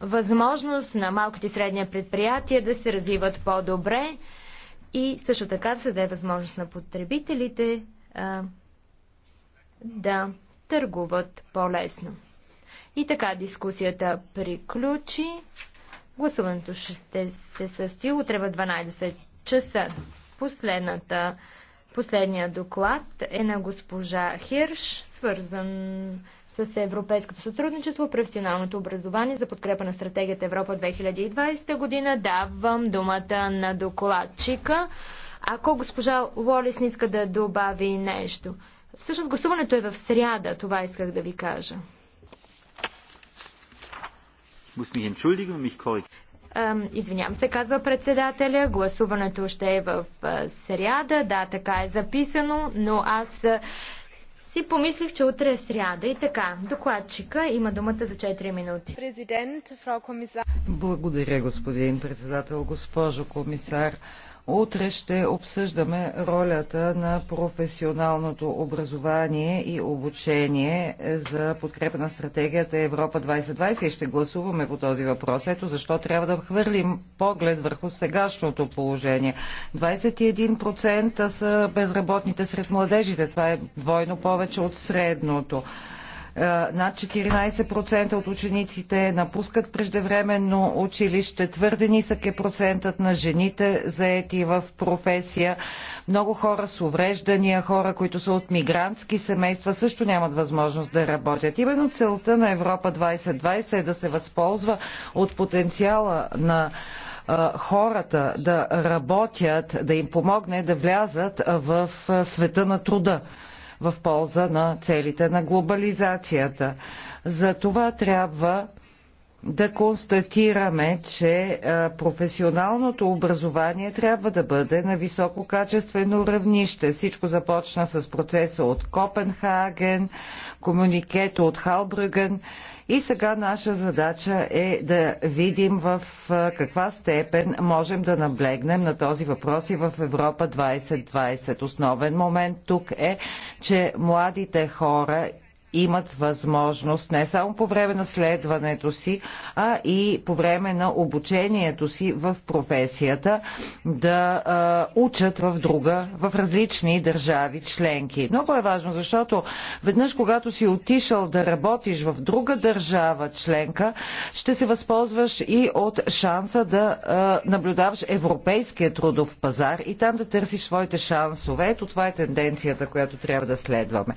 възможност на малките и средния предприятия да се развиват по-добре и също така да се даде възможност на потребителите а, да търгуват по-лесно. И така дискусията приключи. Гласуването ще се състои утре в 12 часа. Последната, последния доклад е на госпожа Хирш, свързан с европейското сътрудничество, професионалното образование за подкрепа на стратегията Европа 2020 година. Давам думата на докладчика. Ако госпожа Уолис не иска да добави нещо. Всъщност гласуването е в сряда, това исках да ви кажа. Извинявам се, казва председателя. Гласуването ще е в сряда. Да, така е записано, но аз си помислих, че утре е сряда и така. Докладчика има думата за 4 минути. Благодаря, господин председател, госпожо комисар. Утре ще обсъждаме ролята на професионалното образование и обучение за подкрепа на стратегията Европа 2020 и ще гласуваме по този въпрос. Ето защо трябва да хвърлим поглед върху сегашното положение. 21% са безработните сред младежите. Това е двойно повече от средното. Е, над 14% от учениците напускат преждевременно училище. Твърде нисък е процентът на жените заети в професия. Много хора с увреждания, хора, които са от мигрантски семейства, също нямат възможност да работят. Именно целта на Европа 2020 е да се възползва от потенциала на е, хората да работят, да им помогне да влязат в е, света на труда в полза на целите на глобализацията. За това трябва да констатираме, че професионалното образование трябва да бъде на високо качествено равнище. Всичко започна с процеса от Копенхаген, комуникето от Халбрюген и сега наша задача е да видим в каква степен можем да наблегнем на този въпрос и в Европа 2020. Основен момент тук е, че младите хора имат възможност не само по време на следването си, а и по време на обучението си в професията да а, учат в друга, в различни държави членки. Много е важно, защото веднъж, когато си отишъл да работиш в друга държава членка, ще се възползваш и от шанса да а, наблюдаваш европейския трудов пазар и там да търсиш своите шансове. Ето това е тенденцията, която трябва да следваме.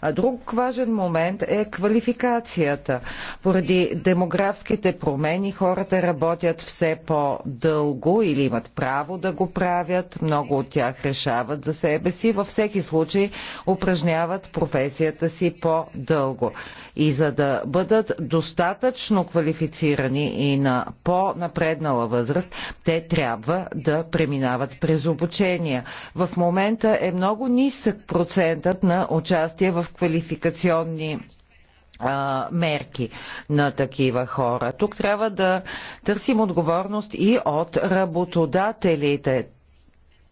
А друг важен момент е квалификацията. Поради демографските промени хората работят все по-дълго или имат право да го правят. Много от тях решават за себе си. Във всеки случай упражняват професията си по-дълго. И за да бъдат достатъчно квалифицирани и на по-напреднала възраст, те трябва да преминават през обучения. В момента е много нисък процентът на участие в квалификационни интеграционни а, мерки на такива хора. Тук трябва да търсим отговорност и от работодателите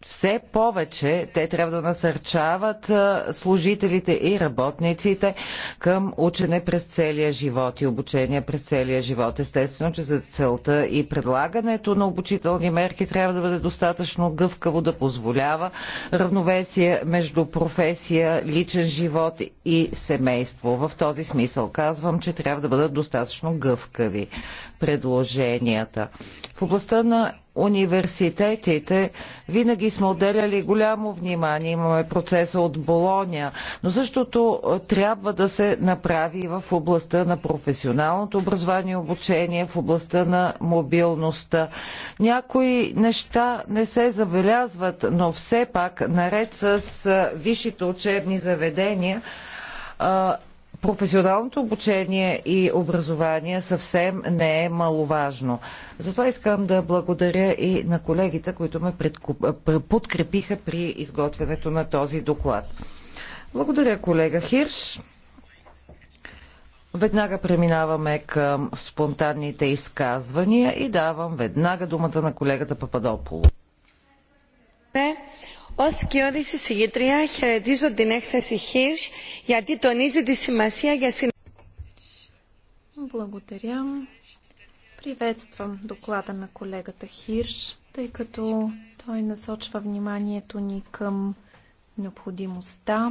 все повече те трябва да насърчават служителите и работниците към учене през целия живот и обучение през целия живот. Естествено, че за целта и предлагането на обучителни мерки трябва да бъде достатъчно гъвкаво да позволява равновесие между професия, личен живот и семейство. В този смисъл казвам, че трябва да бъдат достатъчно гъвкави предложенията. В областта на университетите винаги сме отделяли голямо внимание, имаме процеса от Болония, но същото трябва да се направи в областта на професионалното образование и обучение, в областта на мобилността. Някои неща не се забелязват, но все пак, наред с висшите учебни заведения, професионалното обучение и образование съвсем не е маловажно. Затова искам да благодаря и на колегите, които ме подкрепиха при изготвянето на този доклад. Благодаря, колега Хирш. Веднага преминаваме към спонтанните изказвания и давам веднага думата на колегата Пападополо. Ω κοιόδη εισηγήτρια, χαιρετίζω την έκθεση Χίρς γιατί τονίζει τη σημασία για Благодаря. Приветствам доклада на колегата Хирш, тъй като той насочва вниманието ни към необходимостта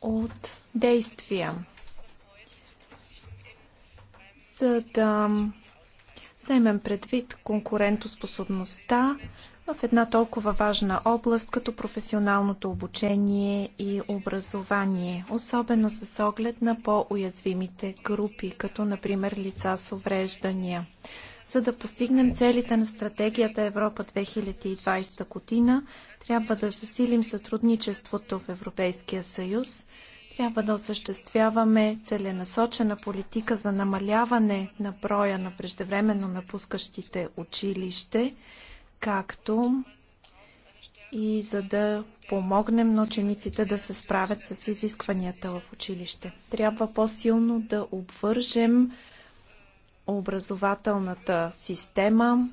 от действия, за да вземем предвид конкурентоспособността в една толкова важна област като професионалното обучение и образование, особено с оглед на по-уязвимите групи, като например лица с увреждания. За да постигнем целите на стратегията Европа 2020 година, трябва да засилим сътрудничеството в Европейския съюз, трябва да осъществяваме целенасочена политика за намаляване на броя на преждевременно напускащите училище, както и за да помогнем на учениците да се справят с изискванията в училище. Трябва по-силно да обвържем образователната система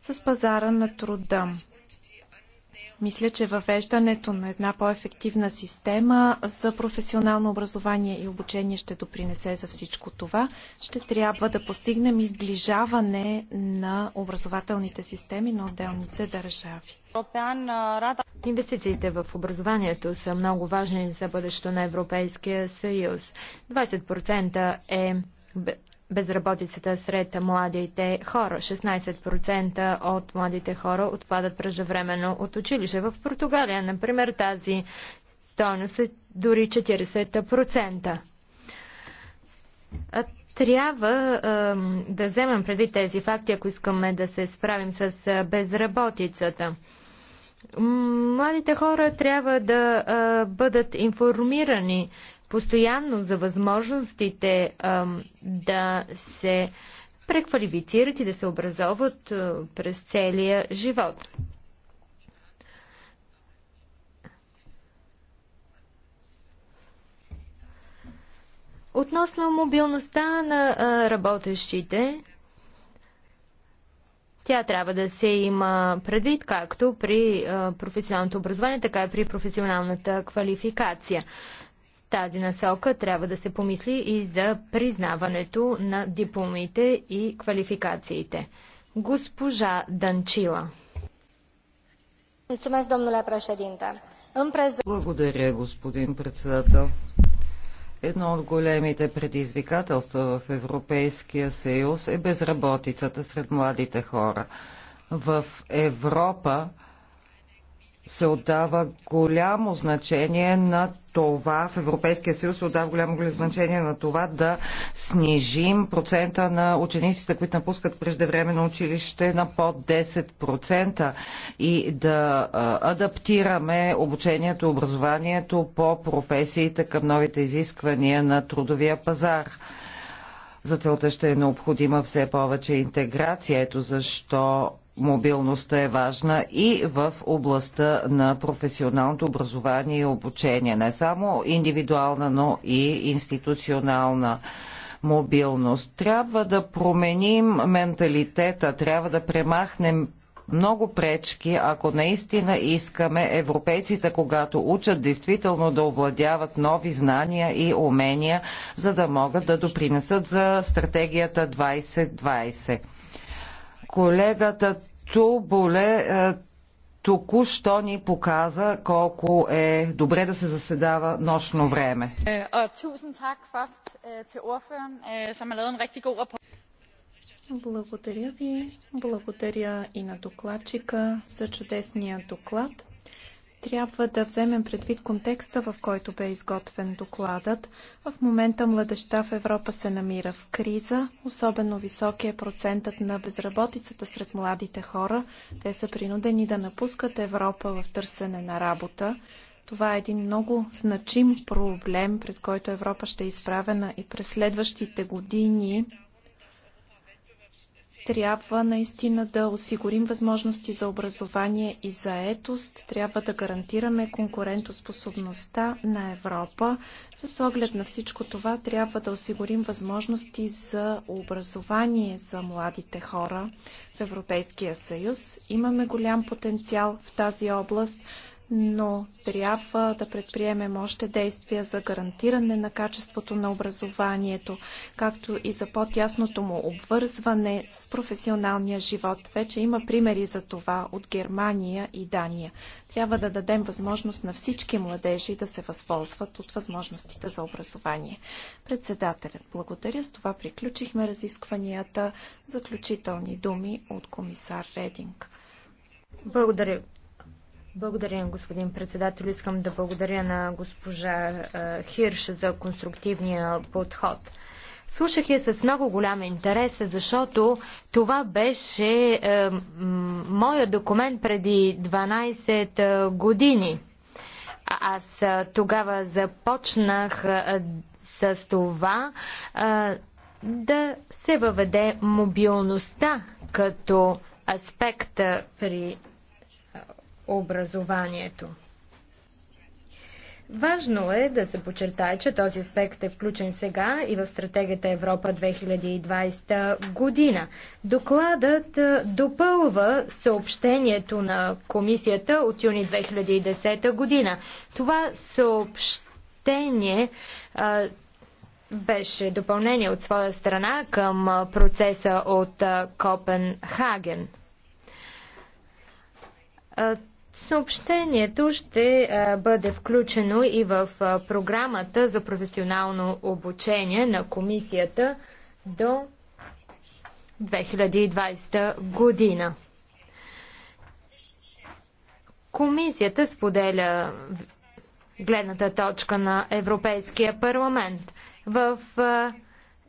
с пазара на труда. Мисля, че въвеждането на една по-ефективна система за професионално образование и обучение ще допринесе за всичко това. Ще трябва да постигнем изближаване на образователните системи на отделните държави. Инвестициите в образованието са много важни за бъдещето на Европейския съюз. 20% е безработицата сред младите хора. 16% от младите хора отпадат преждевременно от училище. В Португалия, например, тази стойност е дори 40%. Трябва е, да вземем предвид тези факти, ако искаме да се справим с безработицата. Младите хора трябва да е, бъдат информирани постоянно за възможностите да се преквалифицират и да се образоват през целия живот. Относно мобилността на а, работещите, тя трябва да се има предвид както при а, професионалното образование, така и при професионалната квалификация тази насока трябва да се помисли и за признаването на дипломите и квалификациите. Госпожа Данчила. Благодаря, господин председател. Едно от големите предизвикателства в Европейския съюз е безработицата сред младите хора. В Европа се отдава голямо значение на това, в Европейския съюз се отдава голямо значение на това да снижим процента на учениците, които напускат преждевременно училище на под 10% и да адаптираме обучението, образованието по професиите към новите изисквания на трудовия пазар. За целта ще е необходима все повече интеграция. Ето защо мобилността е важна и в областта на професионалното образование и обучение. Не само индивидуална, но и институционална мобилност. Трябва да променим менталитета, трябва да премахнем много пречки, ако наистина искаме европейците, когато учат, действително да овладяват нови знания и умения, за да могат да допринесат за стратегията 2020. Колегата Туболе е, току-що ни показа колко е добре да се заседава нощно време. Е, е, Благодаря ви. Благодаря и на докладчика за чудесния доклад. Трябва да вземем предвид контекста, в който бе изготвен докладът. В момента младеща в Европа се намира в криза. Особено висок е процентът на безработицата сред младите хора. Те са принудени да напускат Европа в търсене на работа. Това е един много значим проблем, пред който Европа ще е изправена и през следващите години трябва наистина да осигурим възможности за образование и заетост. Трябва да гарантираме конкурентоспособността на Европа. С оглед на всичко това трябва да осигурим възможности за образование за младите хора в Европейския съюз. Имаме голям потенциал в тази област, но трябва да предприемем още действия за гарантиране на качеството на образованието, както и за по-тясното му обвързване с професионалния живот. Вече има примери за това от Германия и Дания. Трябва да дадем възможност на всички младежи да се възползват от възможностите за образование. Председателят, благодаря. С това приключихме разискванията. Заключителни думи от комисар Рединг. Благодаря, благодаря, господин председател. Искам да благодаря на госпожа Хирш за конструктивния подход. Слушах я с много голям интерес, защото това беше е, документ преди 12 години. Аз тогава започнах е, с това е, да се въведе мобилността като аспекта при образованието. Важно е да се подчертае, че този аспект е включен сега и в стратегията Европа 2020 година. Докладът допълва съобщението на комисията от юни 2010 година. Това съобщение а, беше допълнение от своя страна към процеса от а, Копенхаген. А, Съобщението ще бъде включено и в програмата за професионално обучение на комисията до 2020 година. Комисията споделя гледната точка на Европейския парламент. В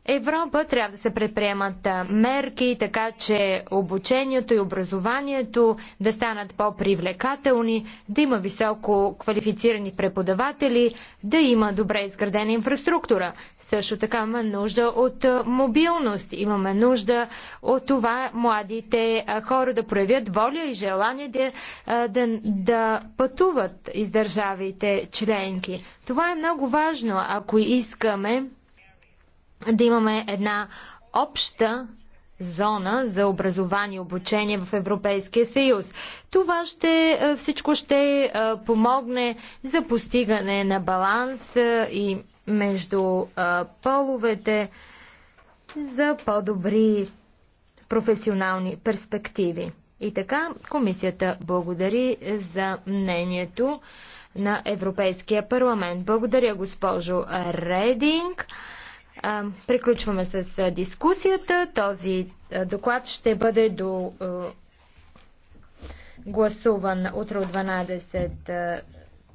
Европа трябва да се предприемат мерки, така че обучението и образованието да станат по-привлекателни, да има високо квалифицирани преподаватели, да има добре изградена инфраструктура. Също така имаме нужда от мобилност, имаме нужда от това младите хора да проявят воля и желание да, да, да пътуват из държавите членки. Това е много важно, ако искаме да имаме една обща зона за образование и обучение в Европейския съюз. Това ще, е, всичко ще е, помогне за постигане на баланс е, и между половете за по-добри професионални перспективи. И така, комисията благодари за мнението на Европейския парламент. Благодаря, госпожо Рединг. Приключваме с дискусията. Този доклад ще бъде до гласуван утре от 12